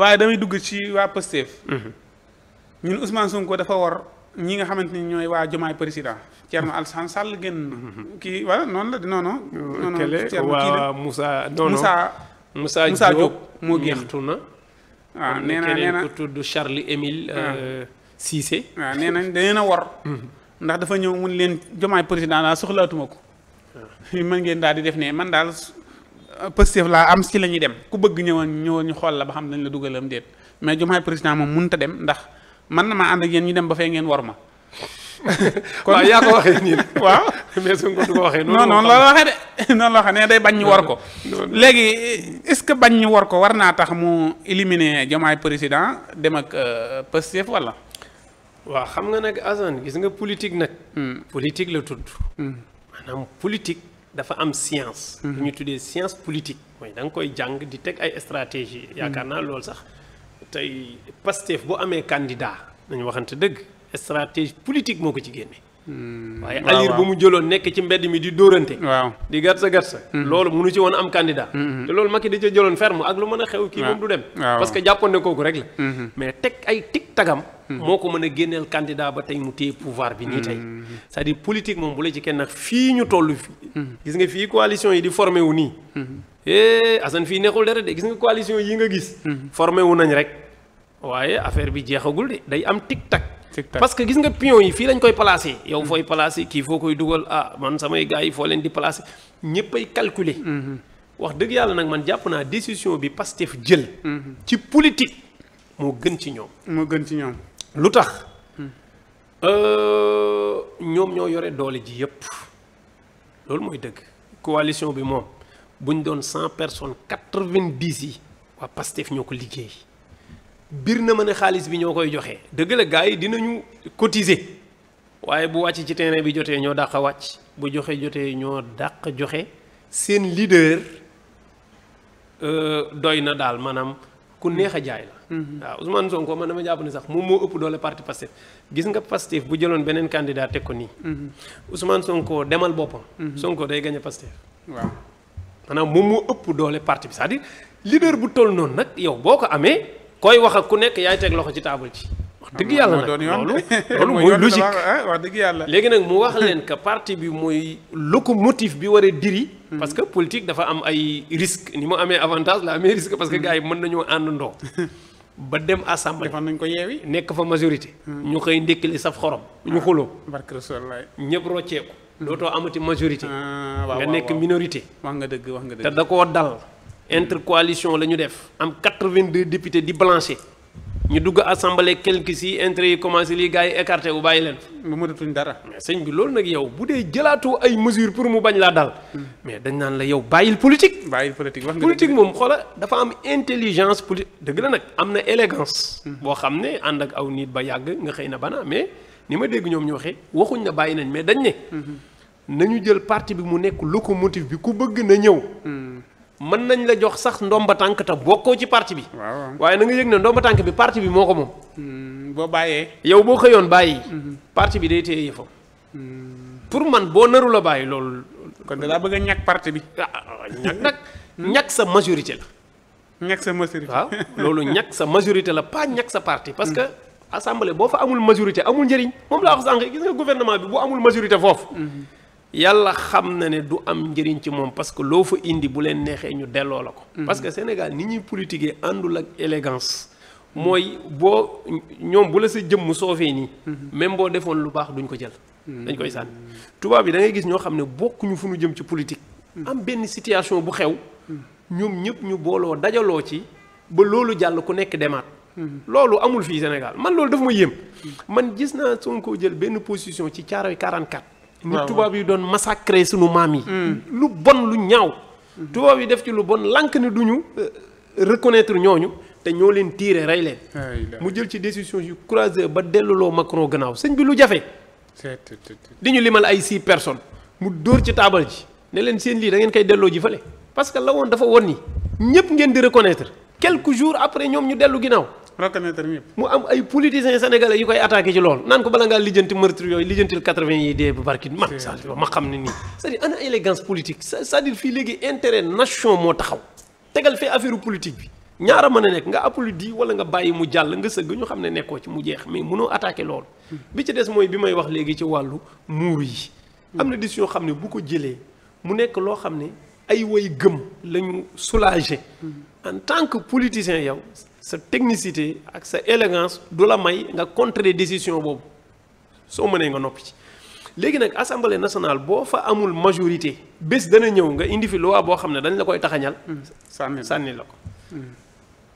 waaye damay dugg ci waa Pastef. Mhm. ñun Ousmane Sonko dafa war ñi nga xamante ni ñooy waa Jomaay président Thierno mhm. Alassane Sall génn mhm. kii voilà noonu la non noonu non non euh, Thierno kii la Moussa Moussa. moo génn ñaxtu ah, euh, nee na nee na ku tudd Charlie Émile ah. euh, Cissé. waaw ah, nee nañ dañu na war. ndax dafa ñëw mun leen Jomaay président daal soxlaatuma ko. mën ngeen daal di def ne man daal Pastef laa am ci la ñuy dem ku bëgg ñëwoon ñëwoon ñu xool la ba xam dañ la dugalam déet mais Diomaye président moom mënut a dem ndax man na ma ànd ak ñu dem ba fee ngeen war ma. kon yaa ko waxee nii waaw la waxee de noonu la waxee ne day bañ ñu war ko léegi est-ce que bañ ñu war ko war naa tax mu éliminer Diomaye président dem ak euh, Pastef wala waaw xam nga nag Assane gis nga politique nag hmm. politique la tudd hmm. dafa am science. lu mhm. ñu tuddee science politique. mooy da nga koy jàng di teg ay stratégie mhm. yaakaar naa loolu sax tey Pastef boo amee candidat nañu waxante dëgg stratégie politique moo ko ci génne. Hmm. waaye alir bu mu jëloon nekk ci mbedd mi di dóorante waaw di gatsa gatsa hmm. loolu munu ci woon am candidat hmm, te loolu Macky da ca jëloon ferme ak lu mën a xew kii moom du dem parce que jàppoon ne kooku rek la mais teg ay tig tagam moo ko mën a génneel candidat ba tey mu téye pouvoir bi nii tey c'est-à-dire politique moom bu la ci kenn nag fii ñu toll fii gis nga fii coalition yi di formé wu nii eh Assane fii neexul dara de gis nga coalition yi nga gis formé wu nañ rek waaye affaire bi jeexagul day am tig tak parce que gis nga pion yi fii lañ koy placé yow fooy placé kii foo koy dugal ah man samay gars yi foo leen di placé ñëpp ay calculer mhm. wax dëgg yàlla nag man jàpp naa décision bi fu jël mhm. ci politique moo gën ci ñoom moo gën ci ñoom lu tax hmm. euh, ñoom ñoo yore doole ji yëpp loolu mooy dëgg coalition bi moom buñ doon cent personnes quatre-vingt-dix yi waa Pastef ñoo ko liggéey biir na ma ne xaalis bi ñoo koy joxee dëgg la gars yi dinañu cotiser waaye bu wàcc ci terrain bi jotee ñoo dàq wàcc bu joxe jotee ñoo dàq joxe seen leader euh, doy na daal maanaam ku neex a jaay la. Mm-hmm. Mm-hmm. waaw Ousmane Sonko man dama jàpp ne sax moom moo ëpp doole parti Pastef gis nga Pastef bu jëloon beneen candidat teg ko nii. Mm-hmm. Ousmane Sonko demal boppam. Sonko day gañ a Pastef. waaw maanaam ëpp doole parti bi cest à leader bu toll noonu nag yow boo ko amee. koy wax ak ku nekk yaay teg loxo ci table ci wax dëgg yàlla nag loolu mooy logique dëgg yàlla léegi nag mu wax leen que parti bi mooy locomotive bi war a diri hmm. parce que politique dafa am ay risque ni mu amee avantage la amee risque parce que hmm. gars yi mën nañoo àndandoo ba dem assemblée defal nañ ko yeewi nekk fa majorité hmm. ñu koy ndékkali saf xorom ah, ñu xuloo ñëpp rocceeku dootoo amati majorité ah, nga nekk minorité wax nga dëgg wax nga dëgg te da koo dal intercoalition la ñu def am vingt 82 députés di balancé ñu dugg assemblée quelque si intérêt yi commencé lii gars yi écarté wu bàyyi leen. mu mënatuñ dara. mais sëñ bi loolu nag yow bu dee jëlaatoo ay mesures pour mu bañ laa dal. Hmm. mais dañ naan la yow bàyyil politique. bàyyil politique wax nga politique moom xoola dafa am intelligence poli dëgg la nag am na élégance. Hmm. boo xam ne ànd ak aw nit ba yàgg nga xëy na bana mais ni ma dégg ñoom ñu waxee waxuñ na bàyyi nañ mais dañ ne. Hmm. nañu jël parti bi mu nekk locomotive bi ku bëgg na ñëw. mën nañ la jox sax ndomba tànk te bokkoo ci parti bi. waaye na nga yëg ne ndomba tànk bi parti bi moo ko moom. Hmm, boo bàyyee. yow boo xëyoon bàyyi. Hmm. parti bi day téye yëfam. Hmm. pour man boo naru la bàyyi loolu. kon da laa bëgg a ñàkk parti bi. ah ñàkk ñàkk sa majorité la. ñàkk sa majorité waaw loolu ñàkk sa majorité la pas ñàkk sa parti. parce que assemblée boo fa amul majorité amul njëriñ moom laa wax sànq gis nga gouvernement bi bu amul majorité foofu. yàlla xam na ne du am njëriñ ci moom parce que loo fa indi bu leen neexee ñu delloo la ko. Mm-hmm. parce que Sénégal ni ñuy politiquer àndul ak élégance mooy boo ñoom bu la sa jëmm soofee nii. Mm-hmm. même boo defoon lu baax duñ ko jël. Mm-hmm. dañ koy sànni tubaab yi dangay gis ñoo xam ne bokkuñu fu ñu jëm ci politique. am benn situation bu xew. ñoom ñëpp ñu booloo dajaloo ci ba loolu jàll ku nekk demaat. loolu amul fii Sénégal man loolu daf ma yéem. man gis naa Sonko jël benn position ci Thiaroye 44. ni tubaab yi doon massacrer suñu maam yi. Hmm. lu bon lu ñaaw. tubaab yi def ci lu bon lànk ni duñu euh, reconnaître ñooñu te ñoo leen tiire rey leen. mu jël ci décision yu courageux ba delluloo Macron gannaaw sëñ bi lu jafe. di ñu limal ay six personnes mu dóor ci taabal ji ne leen seen lii da ngeen koy delloo ji fale parce que la woon dafa won ni ñëpp ngeen di reconnaître quelques jours après ñoom ñu dellu ginnaaw. reconnaître ñëpp mu am ay politiciens sénégalais yu koy attaqué ci loolu naan ko bala ngaa lijjanti meurtre yooyu lijjantil 80 yi dee bu barki man sa ma xam ne nii cest dire ana élégance politique cest dire fii léegi intérêt nation moo taxaw tegal fee affaire politique bi ñaara mën a nekk nga applaudi wala nga bàyyi mu jàll nga sëgg ñu xam ne nekkoo ci mu jeex mais mënoo attaqué loolu hmm. bi ci des mooy bi may wax léegi ci wàllu muur yi hmm. am na décision xam ne bu ko jëlee mu nekk loo xam ne ay way gëm la ñu soulagé hmm. en tant que politicien yow sa technicité ak sa élégance du la may nga contrer décision boobu soo mënee nga noppi ci léegi nag assemblée nationale boo fa amul majorité bés dana ñëw nga indi fi loi boo xam ne dañ la koy taxañal. Hmm, sànni sànni la ko. Hmm.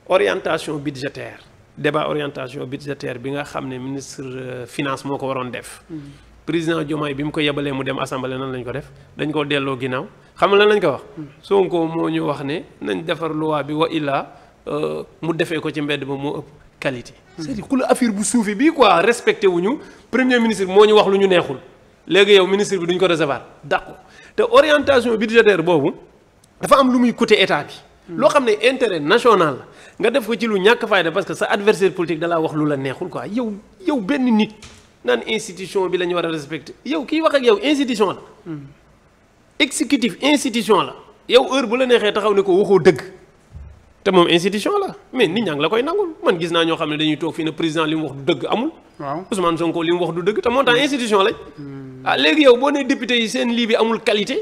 orientation budgétaire débat orientation budgétaire bi nga xam ne ministre euh, finance moo ko waroon def. Hmm. président Diomaye bi mu ko yebalee mu dem assemblée nan lañ ko def dañ koo delloo ginnaaw xam nga nañ ko wax. Sonko moo ñu wax ne nañ defar loi bi wa illaa Euh, mu defee ko ci mbedd ba moo ëpp qualité. c'est-à-dire ku affaire bu suufi bii quoi respecté wu ñu premier ministre moo ñu wax lu ñu neexul léegi yow ministre bi duñ ko recevoir dàqu te orientation budgétaire boobu dafa am lu muy côté état bi. Hmm. loo xam ne intérêt national la nga def ko ci lu ñàkk fayda parce que sa adversaire politique dalaa wax lu la neexul quoi yow yow benn nit naan institution bi la ñu war a respecté yow kiy wax ak yow institution la. Hmm. exécutif la yow heure bu la neexee taxaw ne ko waxoo dëgg. te moom institution la mais nit ñaa ngi la koy nangul man gis naa ñoo xam ne dañuy toog fii ne président li mu wax du dëgg amul. waaw Ousmane Sonko li mu wax du dëgg te moo tax institution lañ. Hmm. ah léegi yow boo nee député yi seen lii bi amul qualité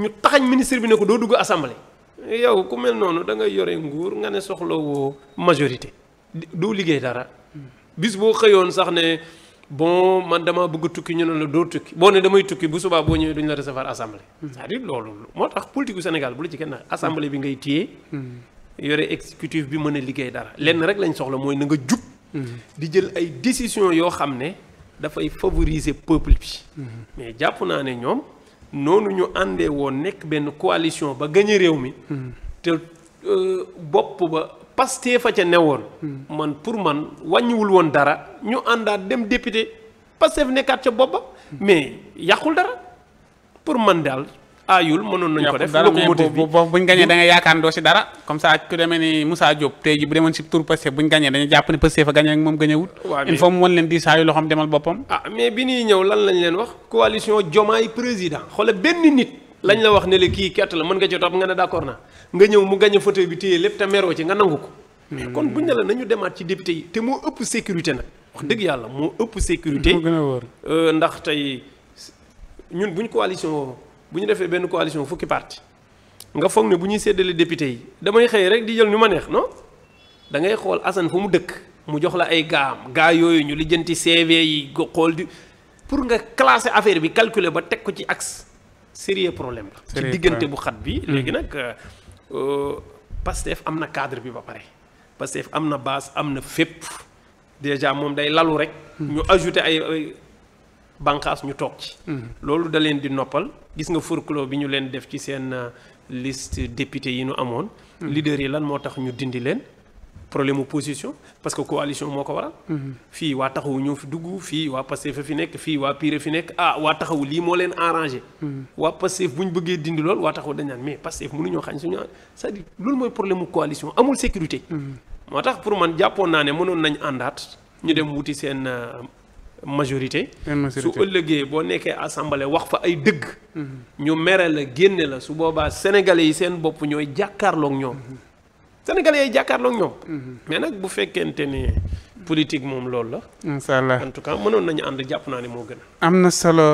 ñu taxañ ministre bi ne ko doo dugg assemblée. yow ku mel noonu dangay yore nguur nga ne soxlawoo majorité. doo liggéey dara. Hmm. bis boo xëyoon sax ne. bon man damaa bëgg tukki ñu ne la doo tukki boo ne damay tukki bu subaa boo ñëwee duñ la recevoir assemblée. Hmm. c'est-à-dire loolu moo tax politique gu Sénégal bu la ci kenn assemblée bi ngay hmm. téye. Hmm. yore exécutif bi mën a liggéey dara lenn rek lañ soxla mooy na nga jub. di jël ay décision yoo xam ne dafay favoriser peuple bi. mais jàpp naa ne ñoom noonu ñu àndee woon nekk benn coalition ba gañe réew mi. te euh, bopp ba Pastef fa ca newoon. man pour man wàññiwul woon dara ñu àndaat dem député Pastef nekkaat ca bopp ba mais yàqul dara pour man daal aayul mënoon nañ ko def. locomotive bi boobu bu ñu gañee da nga yaakaar doo si dara comme ça ku demee ni Moussa Diop tey ji bu demoon si tur Pastef bu gañee dañu jàpp ne Pastef fa gañee ak moom gañewut. waaw il wan leen di saa loxoom demal boppam. ah mais bi ñuy ñëw lan lañ leen wax coalition Diomaye président xoolal benn nit. lañu la wax ne la kii kett la mën nga ci topp nga ne d'accord na nga ñëw mu gañ a fauteuil bi téye lépp te meroo ci nga nangu ko mais kon bu ne la nañu demaat ci député yi te moo ëpp sécurité nag wax dëgg yàlla moo ëpp sécurité euh, ndax tey ñun buñ coalition bu ñu defee benn coalition fukki parti nga foog ne bu ñuy séddale député yi damay xëy rek di jël ñu ma neex non da ngay xool Assane fu mu dëkk mu jox la ay gaam gaa yooyu ñu lijjanti CV yi xool di pour nga classer affaire bi calculer ba teg ko ci axe sérieux problème la. ci diggante bu xat bi. Mm-hmm. léegi nag euh, Pastef am na cadre bi ba pare Pastef am na base am na fépp déjà moom day lalu rek. Mm-hmm. ñu ajouté ay bànqaas ñu toog ci. Mm-hmm. loolu da leen di noppal gis nga forclos bi ñu leen def ci seen euh, list député yi nu amoon. leader yi lan moo tax ñu dindi leen. problème mu position parce que coalition moo ko waral. Mhm. fii waa taxawu ñoo fi dugg fii waa Pastef fi nekk fii waa Pire fi nekk ah waa taxawu lii moo leen arrangé. Mhm. waa Pastef bu ñu bëggee dindi lool waa taxawu dañ naan mais Pastef mënuñoo xañ suñu c'est-à-dire loolu mooy problème mu coalition amul sécurité. Mhm. moo tax pour man jàppoon naa ne mënoon nañ àndaat ñu dem wuti seen euh, majorité. su ëllëgee boo nekkee assemblée wax fa ay dëgg. ñu mere la génne la su boobaa sénégalais yi seen bopp ñooy jàkkaarloog ñoom. sénégalais yi jàkkaarloo ak ñoom. Mm-hmm. mais nag bu fekkente ni politique moom loolu la. incha allah en tout cas mënoon nañu ànd jàpp naa ne moo gën. am na solo.